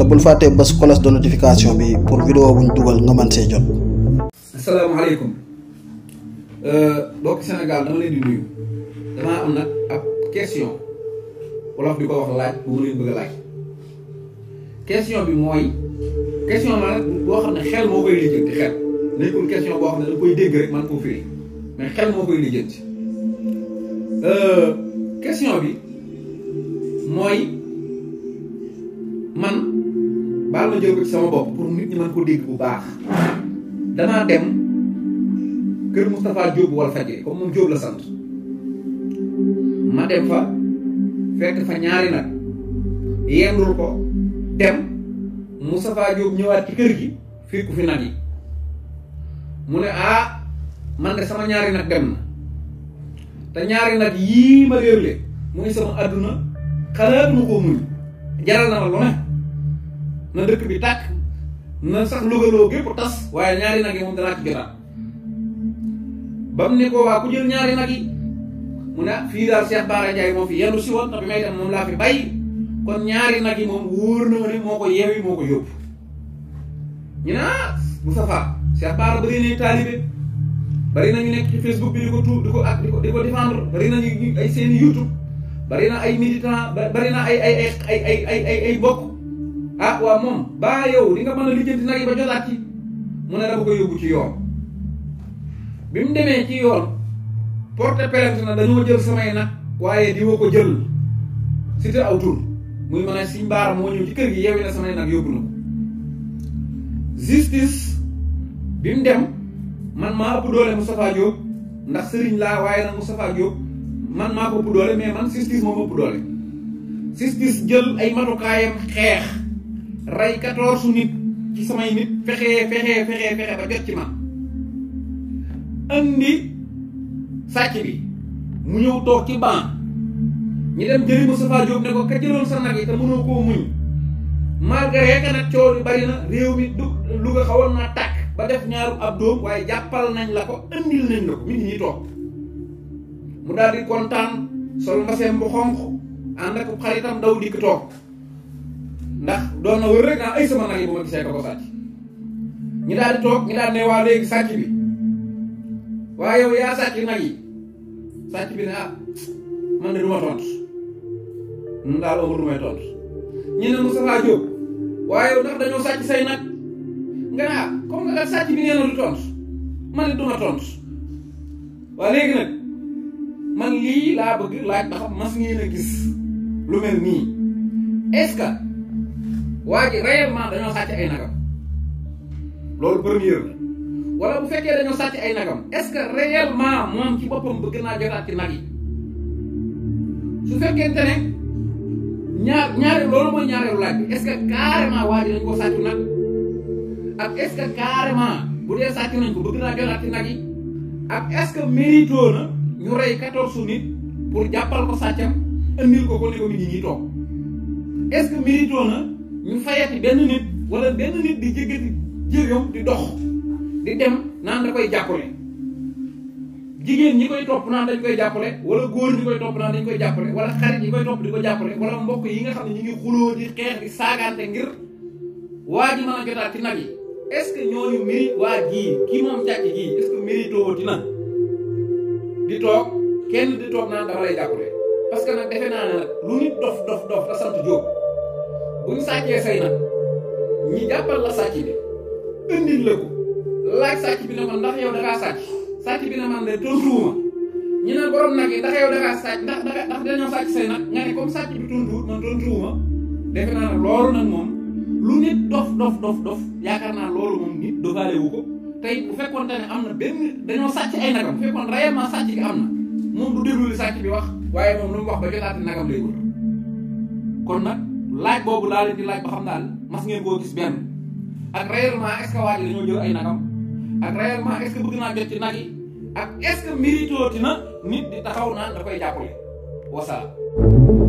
te bul fàttee bés cloche de notification bi pour vidéo buñ dugal nga mën see jot. asalaamaaleykum euh, mbokk Sénégal dama leen di nuyu damaa am nag ab question bi mooy boo xam ne xel moo koy lijjanti xel nekkul question boo xam ne da koy dégg rek man koo firi mais xel moo koy lijjanti euh, question bi mooy. ma jëw ci sama bop pour nit ñi mën ko dégg bu baax dama dem kër Moustapha Diop wal fajiri comme mom Diop la sant ma dem fa fekk fa ñaari nak yendul ko dem Moustapha Diop ñëwaat ci kër gi fekku fi nak yi mu ne ah man de sama ñaari nak dem na te ñaari nak yi ma réerle muy sama àdduna xalaatuma ko muy jaral na ma lu ne na dëkk bi tàkk na sax lugaloo gépp tas waaye ñaari nag yi moom danaa ci jotaat ba mu ne ko waa ku jël ñaari nag yi mu ne fii daal Cheikh Bara Ndiaye moo fi yenu si woon te mau may dem moom laa fi bàyyi kon ñaari nag yi moom wóor na ma ne moo ko yeewi moo ko yóbbu ñu ne ah Cheikh Bara bëri nañu taalibe bari na ñu nekk ci Facebook bi di ko tuub di ko ak di ko di ko défendre bari na ñu ay YouTube bari na ay militant bari na ay ay ay ay ay ay ay ah waaw moom baa yow di nga mën a lijjanti nag yi ba jotaat ci mu ne dama ko yóbbu ci yoon bi mu demee ci yoon porte plainte na dañoo jël samay nag waaye di wa ko jël si te aw tur muy mën a siñ baara moo ñëw kër gi yewi na samay na ko justice bi mu dem man maa ëpp doole Moustapha Diop ndax sëriñ laa waaye nag Moustapha Diop man maa ko ëpp mais man justice moom ëpp doole justice jël ay matukaayam xeex rey quatorze nit ci samay nit fexe fexe fexe fexe ba jot ci man andi sàcc bi mu ñëw toog ci ban ñi dem jëli Moustapha Diop ne ko ka jëloon sa nag yi te mënoo koo muñ malgré que nag coow li bari na réew mi du Louga xawoon na tàkk ba def ñaaru ab doom waaye jàppal nañ la ko andil nañ la ko mi ngi ñuy toog mu daal di kontaan sol mbaseem bu xonq ànd ak xaritam daw dikk toog ndax doon na wër rek naa ay sama nag yi bu ma gisee ko ko sàcc ñi daal di toog ñi daal ne waa léegi sàcc bi waaye yow yaa sàcc nag yi sàcc bi ne ah man de du ma tontu ñun daal amul du may tontu ñu ne Moustapha Diop waaye yow ndax dañoo sàcc say nag nga ne ah comme nga sàcc bi nee na du tontu man de du ma tontu waa léegi nag man lii laa bëgg laaj ndax mas ngeen a gis lu mel nii est-ce que. waa ji réellement dañoo sàcc ay nagam loolu première la bu fekkee dañoo sàcc ay nagam est-ce que réellement moom ci boppam bëgg naa jotaat ci nag yi su fekkente ne ñaar ñaareel loolu mooy ñaareelu laaj bi est-ce que carrément waa ji dañ ak est-ce que bu dee sàcc nañ ko bëgg naa jotaat ci nag yi ak est-ce ñu rey quatorze nit pour jàppal ko sàccam indil ko ko ne ko nit ñi ñuy toog ñu fa fayati benn nit wala benn nit di jéggati jëriñam di dox di dem naan da koy jàppale jigéen ñi koy topp naan dañ koy jàppale wala góor ñi koy topp naan dañ koy jàppale wala xarit yi koy topp di ko jàppale wala mbokk yi nga xam ne ñu ngi xuloo di xeex di saagaante ngir waa ji mën a jotaat ci nag yi est-ce que ñooñu mérite waa jii kii moom càcc jii est-ce que mérite woo di toog kenn di toog naan dama lay jàppale parce que nag defe naan ne nag lu nit bu ñu sàccee say nag ñi jàppal la sàcc bi indil la ko laaj sàcc bi ne ko ndax yow da ngaa sàcc sàcc bi ne man de tontuwuma ñu ne borom nag yi ndax yow da sàcc ndax ndax dañoo sàcc say nag nga ne comme sàcc bi tontuwut man tontuwuma defe naa nag loolu nag moom lu nit dof dof dof dof yaakaar naa loolu moom nit dofaale wu ko tey bu fekkoon te am na benn dañoo sàcc ay nagam bu fekkoon réellement sàcc gi am na moom du déglu li sàcc bi wax waaye moom lu mu wax ba laaj boobu laa leen di laaj ba xam daal mas ngeen koo gis benn ak réellement est-ce que waa ji dañoo jël ay nagam ak réellement est-ce que bëgg ci nag yi ak est-ce que méritooti na nit di taxaw naan da koy jàppale wasalaam